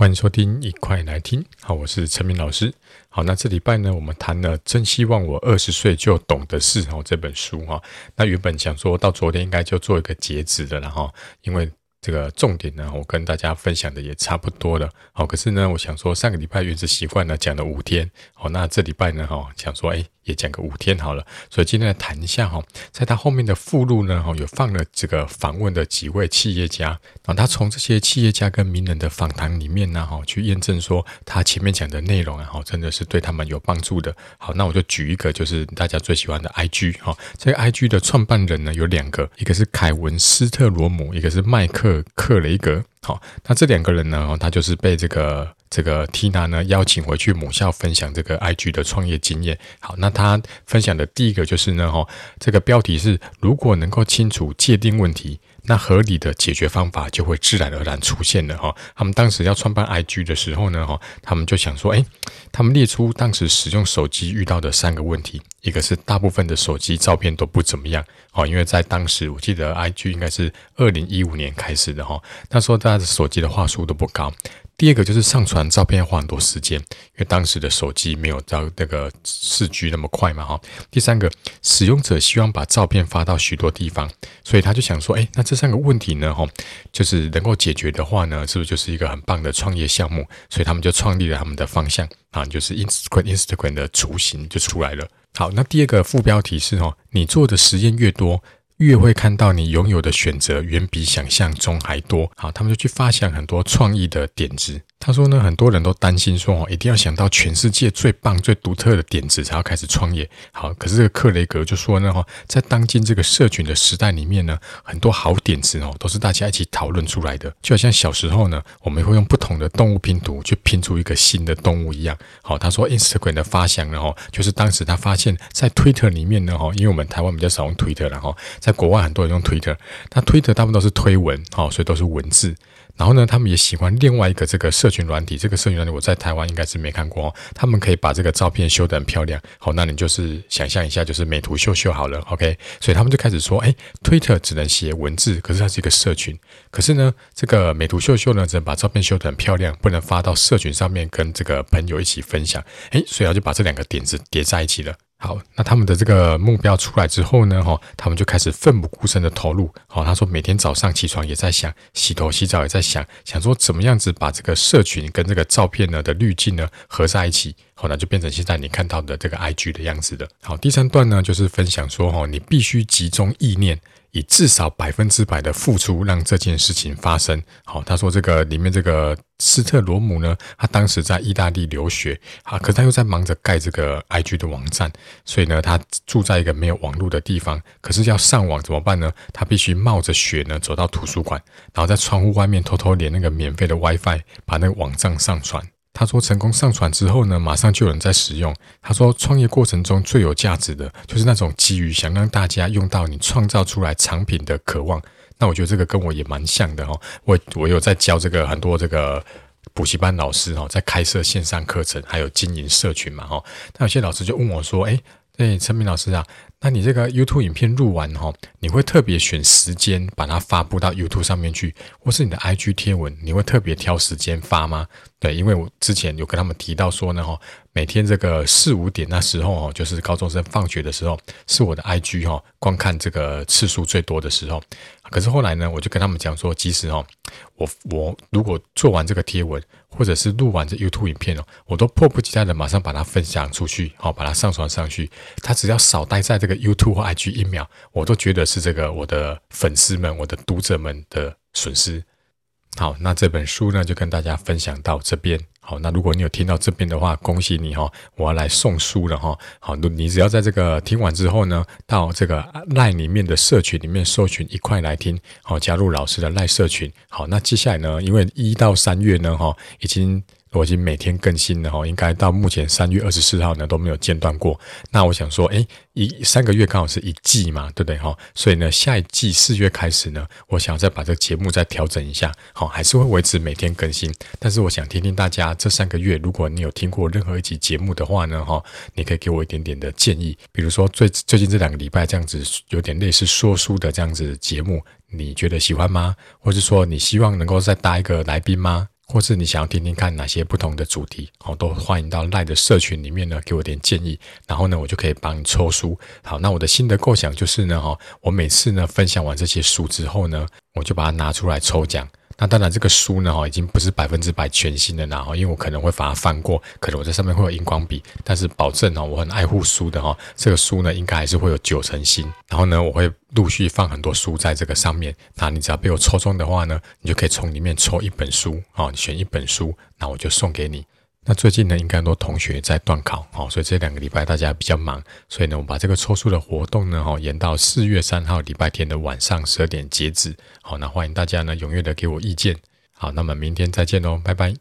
歡迎收聽，一塊來聽。好，我是陳明老師。好，那這禮拜呢，我們談了《真希望我二十歲就懂的事》哈這本書哈。那原本想說到昨天，應該就做一個截止的了哈，因為這個重點呢，我跟大家分享的也差不多了。好，可是呢，我想說上個禮拜，原子習慣呢，講了五天。好，那這禮拜呢，哈，想說誒也講個五天好了，所以今天來談一下哈，在他後面的附錄呢哈，有放了這個訪問的幾位企業家，然後他從這些企業家跟名人的訪談裡面呢哈，去驗證說他前面講的內容啊哈，真的是對他們有幫助的。好，那我就舉一個就是大家最喜歡的 IG 哈，這個 IG 的創辦人呢有兩個，一個是凱文斯特羅姆，一個是麥克克雷格。好，那這兩個人呢，他就是被這個。這個 Tina 呢邀請回去母校分享這個 IG 的創業經驗。好，那他分享的第一個就是呢，哈、哦，這個標題是：如果能夠清楚界定問題，那合理的解決方法就會自然而然出現了。哈、哦，他們當時要創辦 IG 的時候呢，哈、哦，他們就想說，哎，他們列出當時使用手機遇到的三個問題，一個是大部分的手機照片都不怎麼樣，好、哦，因為在當時我記得 IG 應該是二零一五年開始的哈、哦，那時候大家手機的畫質都不高。第二個就是上傳照片要花很多時間，因為當時的手機沒有到那個 4G 那麼快嘛哈。第三個，使用者希望把照片發到許多地方，所以他就想說，哎，那這三個問題呢，哈，就是能夠解決的話呢，是不是就是一個很棒的創業項目？所以他們就創立了他們的方向啊，就是 Instagram Instagram 的雛形就出來了。好，那第二個副標題是哈，你做的實驗越多。越會看到你擁有的選擇遠比想象中還多。好，他們就去發現很多創意的點子。他說呢，很多人都擔心說哦，一定要想到全世界最棒、最獨特的點子才要開始創業。好，可是這個克雷格就說呢哈，在當今這個社群的時代裡面呢，很多好點子哦都是大家一起討論出來的，就好像小時候呢，我們會用不同的動物拼圖去拼出一個新的動物一樣。好，他說 Instagram 的發想呢哈，就是當時他發現在 Twitter 裡面呢哈，因為我們台灣比較少用 Twitter，然後在國外很多人用 Twitter，那 Twitter 大部分都是推文，好，所以都是文字。然後呢，他們也喜歡另外一個這個社。社群軟體，這個社群軟體我在台灣應該是沒看過哦，他們可以把這個照片修得很漂亮。好，那你就是想象一下，就是美圖秀秀好了，OK。所以他們就開始說，哎、欸，推特只能寫文字，可是它是一個社群，可是呢，這個美圖秀秀呢，只能把照片修得很漂亮，不能發到社群上面跟這個朋友一起分享。誒、欸，所以他就把這兩個點子疊在一起了。好，那他們的這個目標出來之後呢，哈，他們就開始奮不顧身的投入。好，他說每天早上起床也在想，洗頭洗澡也在想，想說怎麼樣子把這個社群跟這個照片呢的濾鏡呢合在一起，好，那就變成現在你看到的這個 IG 的樣子了。好，第三段呢就是分享說，哈，你必須集中意念。以至少百分之百的付出讓這件事情發生。好，他說這個裡面這個斯特羅姆呢，他當時在意大利留學啊，可他又在忙着蓋這個 IG 的網站，所以呢，他住在一個沒有網絡的地方，可是要上網怎麼辦呢？他必須冒着雪呢走到圖書館，然後在窗戶外面偷偷連那個免費的 WiFi，把那個網站上傳。他說：“成功上傳之後呢，馬上就有人在使用。”他說：“創業過程中最有價值的，就是那種基於想讓大家用到你創造出來產品的渴望。”那我覺得這個跟我也蠻像的哦，我我有在教這個很多這個補習班老師哦，在開設線上課程，還有經營社群嘛哈、哦。那有些老師就問我說：“誒，對陳明老師啊。”那你這個 YouTube 影片錄完哦，你會特別選時間把它發布到 YouTube 上面去，或是你的 IG 貼文，你會特別挑時間發嗎？對，因為我之前有跟他們提到說呢，每天這個四五點那時候哦，就是高中生放學的時候，是我的 IG 哦，觀看這個次數最多的時候。可是後來呢，我就跟他們講說，其實哦，我我如果做完這個貼文，或者是錄完這 YouTube 影片哦，我都迫不及待的馬上把它分享出去，把它上傳上去。他只要少待在這個。YouTube 或 IG 音秒，我都覺得是這個我的粉絲們、我的讀者們的損失。好，那這本書呢，就跟大家分享到這邊。好，那如果你有聽到這邊的話，恭喜你哦！我要來送書了哈、哦。好，你只要在這個聽完之後呢，到這個賴裡面的社群裡面搜尋一塊來聽，好，加入老師的賴社群。好，那接下來呢，因為一到三月呢，哈，已經。我已經每天更新了哈，應該到目前三月二十四號呢都沒有間斷過。那我想說，哎，一三個月剛好是一季嘛，對不對哈、哦？所以呢，下一季四月開始呢，我想要再把這個節目再調整一下，好、哦，還是會維持每天更新。但是我想聽聽大家這三個月，如果你有聽過任何一集節目的話呢，哈、哦，你可以給我一點點的建議。比如說最最近這兩個禮拜這樣子有點類似說書的這樣子節目，你覺得喜歡嗎？或者說你希望能夠再搭一個來賓嗎？或是你想要聽聽看哪些不同的主題，好，都歡迎到賴的社群裡面呢，給我點建議，然後呢，我就可以幫你抽書。好，那我的新的構想就是呢，哈，我每次呢分享完這些書之後呢，我就把它拿出來抽獎。那當然，這個書呢，哈，已經不是百分之百全新的啦，因為我可能會把它翻過，可能我在上面會有熒光筆，但是保證哦，我很愛護書的哈，這個書呢，應該還是會有九成新。然後呢，我會陸續放很多書在這個上面，那你只要被我抽中的話呢，你就可以從裡面抽一本書，哦，你選一本書，那我就送給你。那最近呢，應該很多同學在段考，好、哦，所以這兩個禮拜大家比較忙，所以呢，我把這個抽書的活動呢，哈、哦，延到四月三號禮拜天的晚上十二點截止，好、哦，那歡迎大家呢踴躍的給我意見，好，那麼明天再見嘍，拜拜。